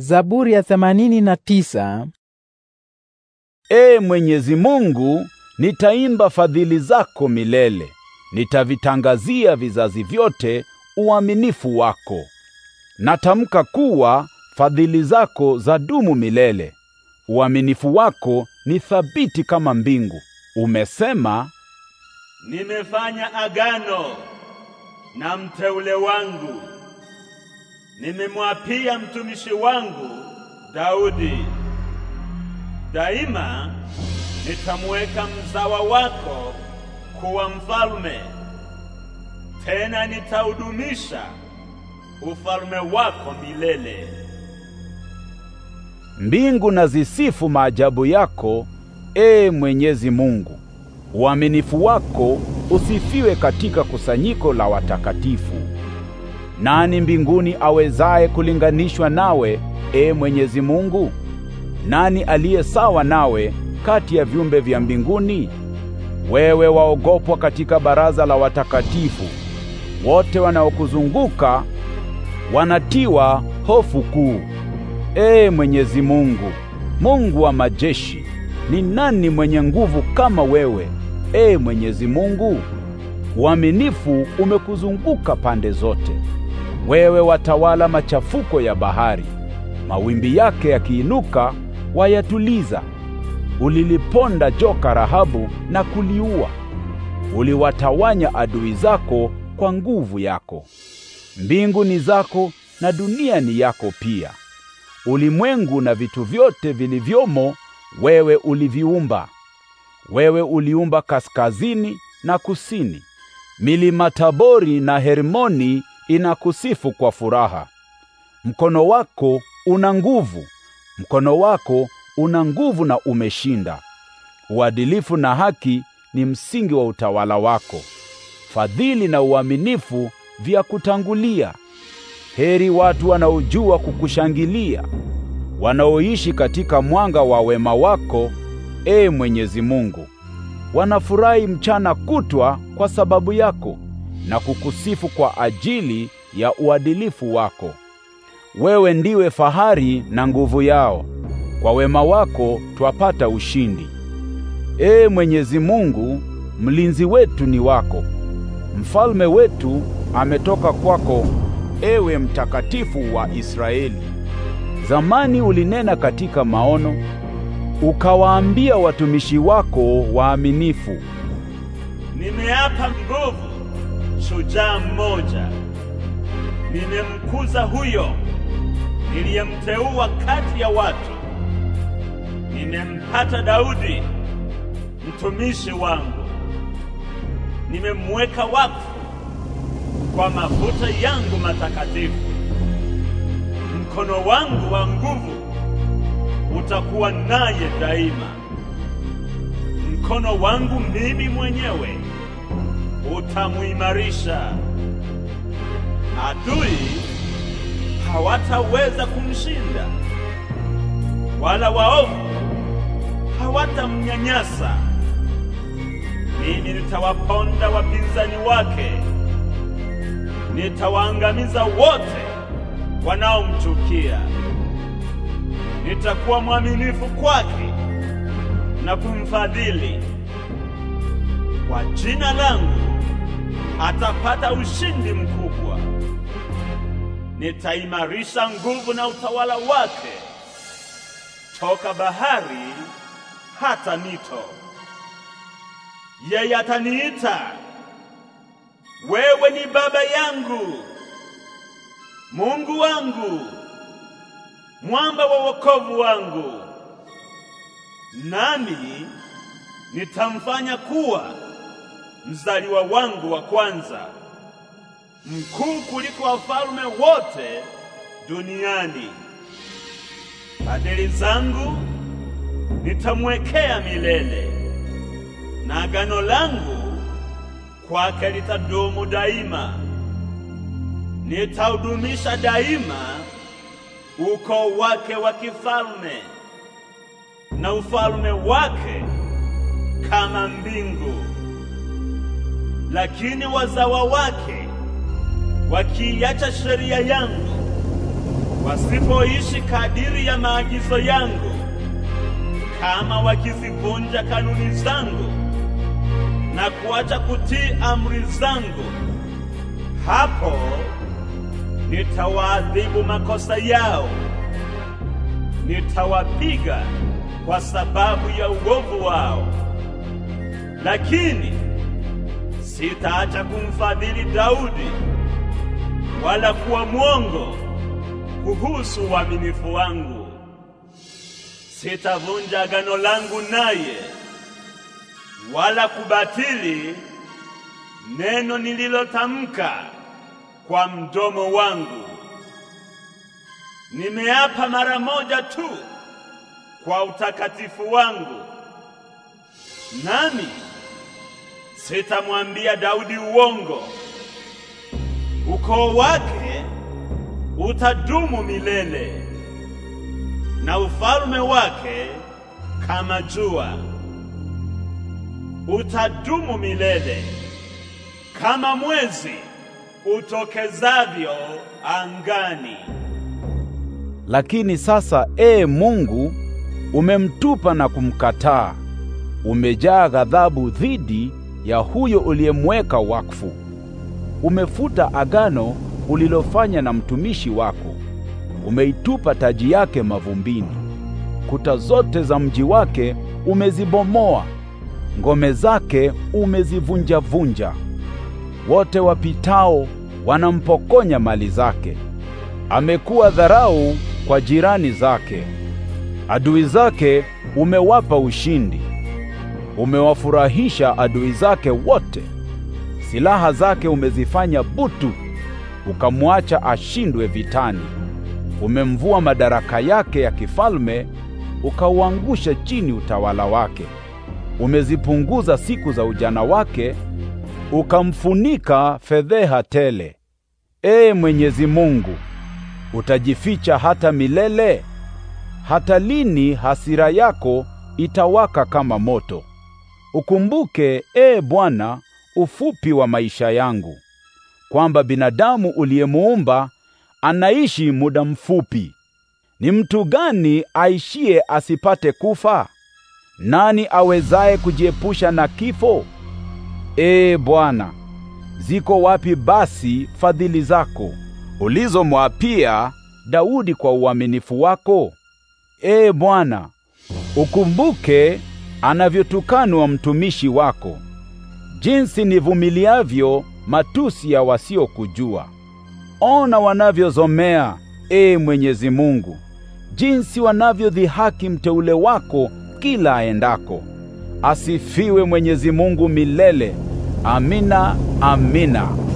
Zaburi ya 89. E Ee Mwenyezi Mungu, nitaimba fadhili zako milele, nitavitangazia vizazi vyote uaminifu wako. Natamka kuwa fadhili zako za dumu milele, uaminifu wako ni thabiti kama mbingu. Umesema, nimefanya agano na mteule wangu nimemwapia mtumishi wangu Daudi, daima nitamuweka mzawa wako kuwa mfalme, tena nitaudumisha ufalme wako milele. Mbingu na zisifu maajabu yako, ee Mwenyezi Mungu. Uaminifu wako usifiwe katika kusanyiko la watakatifu. Nani mbinguni awezaye kulinganishwa nawe, e Mwenyezi Mungu? Nani aliye sawa nawe kati ya viumbe vya mbinguni? Wewe waogopwa katika baraza la watakatifu, wote wanaokuzunguka wanatiwa hofu kuu. E Mwenyezi Mungu, Mungu wa majeshi, ni nani mwenye nguvu kama wewe? E Mwenyezi Mungu, uaminifu umekuzunguka pande zote. Wewe watawala machafuko ya bahari, mawimbi yake yakiinuka wayatuliza. Uliliponda joka Rahabu na kuliua. Uliwatawanya adui zako kwa nguvu yako. Mbingu ni zako na dunia ni yako pia. Ulimwengu na vitu vyote vilivyomo wewe uliviumba. Wewe uliumba kaskazini na kusini. Milima Tabori na Hermoni inakusifu kwa furaha. Mkono wako una nguvu, mkono wako una nguvu na umeshinda. Uadilifu na haki ni msingi wa utawala wako, fadhili na uaminifu vya kutangulia. Heri watu wanaojua kukushangilia, wanaoishi katika mwanga wa wema wako, e Mwenyezi Mungu. Wanafurahi mchana kutwa kwa sababu yako na kukusifu kwa ajili ya uadilifu wako. Wewe ndiwe fahari na nguvu yao, kwa wema wako twapata ushindi. Ee Mwenyezi Mungu, mlinzi wetu ni wako, mfalme wetu ametoka kwako, ewe mtakatifu wa Israeli. Zamani ulinena katika maono, ukawaambia watumishi wako waaminifu, nimeapa nguvu shujaa mmoja, nimemkuza huyo niliyemteua kati ya watu, nimempata Daudi mtumishi wangu, nimemweka wakfu kwa mafuta yangu matakatifu. Mkono wangu wa nguvu utakuwa naye daima, mkono wangu mimi mwenyewe utamuimarisha. Adui hawataweza kumshinda, wala waovu hawatamnyanyasa. Mimi nitawaponda wapinzani wake, nitawaangamiza wote wanaomchukia. Nitakuwa mwaminifu kwake na kumfadhili kwa jina langu atapata ushindi mkubwa. Nitaimarisha nguvu na utawala wake toka bahari hata mito. Yeye ataniita wewe ni baba yangu, Mungu wangu, mwamba wa wokovu wangu, nami nitamfanya kuwa mzaliwa wangu wa kwanza, mkuu kuliko wafalme wote duniani. Adili zangu nitamwekea milele, na agano langu kwake litadumu daima. Nitaudumisha daima ukoo wake wa kifalme na ufalme wake kama mbingu. Lakini wazawa wake wakiiacha sheria yangu, wasipoishi kadiri ya maagizo yangu, kama wakizivunja kanuni zangu na kuacha kutii amri zangu, hapo nitawaadhibu makosa yao, nitawapiga kwa sababu ya uovu wao. Lakini sitaacha kumfadhili Daudi wala kuwa mwongo kuhusu uaminifu wangu. Sitavunja agano langu naye wala kubatili neno nililotamka kwa mdomo wangu. Nimeapa mara moja tu kwa utakatifu wangu, nami sitamwambia Daudi uongo, ukoo wake utadumu milele na ufalme wake kama jua utadumu milele, kama mwezi utokezavyo angani. Lakini sasa, ee Mungu, umemtupa na kumkataa, umejaa ghadhabu dhidi ya huyo uliyemweka wakfu. Umefuta agano ulilofanya na mtumishi wako, umeitupa taji yake mavumbini. Kuta zote za mji wake umezibomoa, ngome zake umezivunja-vunja. Wote wapitao wanampokonya mali zake. Amekuwa dharau kwa jirani zake, adui zake umewapa ushindi. Umewafurahisha adui zake wote, silaha zake umezifanya butu, ukamwacha ashindwe vitani. Umemvua madaraka yake ya kifalme, ukauangusha chini utawala wake. Umezipunguza siku za ujana wake, ukamfunika fedheha tele. Ee Mwenyezi Mungu, utajificha hata milele? Hata lini hasira yako itawaka kama moto? Ukumbuke, ee Bwana, ufupi wa maisha yangu, kwamba binadamu uliyemuumba anaishi muda mfupi. Ni mtu gani aishiye asipate kufa? Nani awezaye kujiepusha na kifo? Ee Bwana, ziko wapi basi fadhili zako ulizomwapia Daudi kwa uaminifu wako? Ee Bwana, ukumbuke anavyotukanwa mtumishi wako, jinsi nivumiliavyo matusi ya wasiokujua. Ona wanavyozomea, ee Mwenyezi Mungu, jinsi wanavyodhihaki mteule wako kila aendako. Asifiwe Mwenyezi Mungu milele. Amina, amina.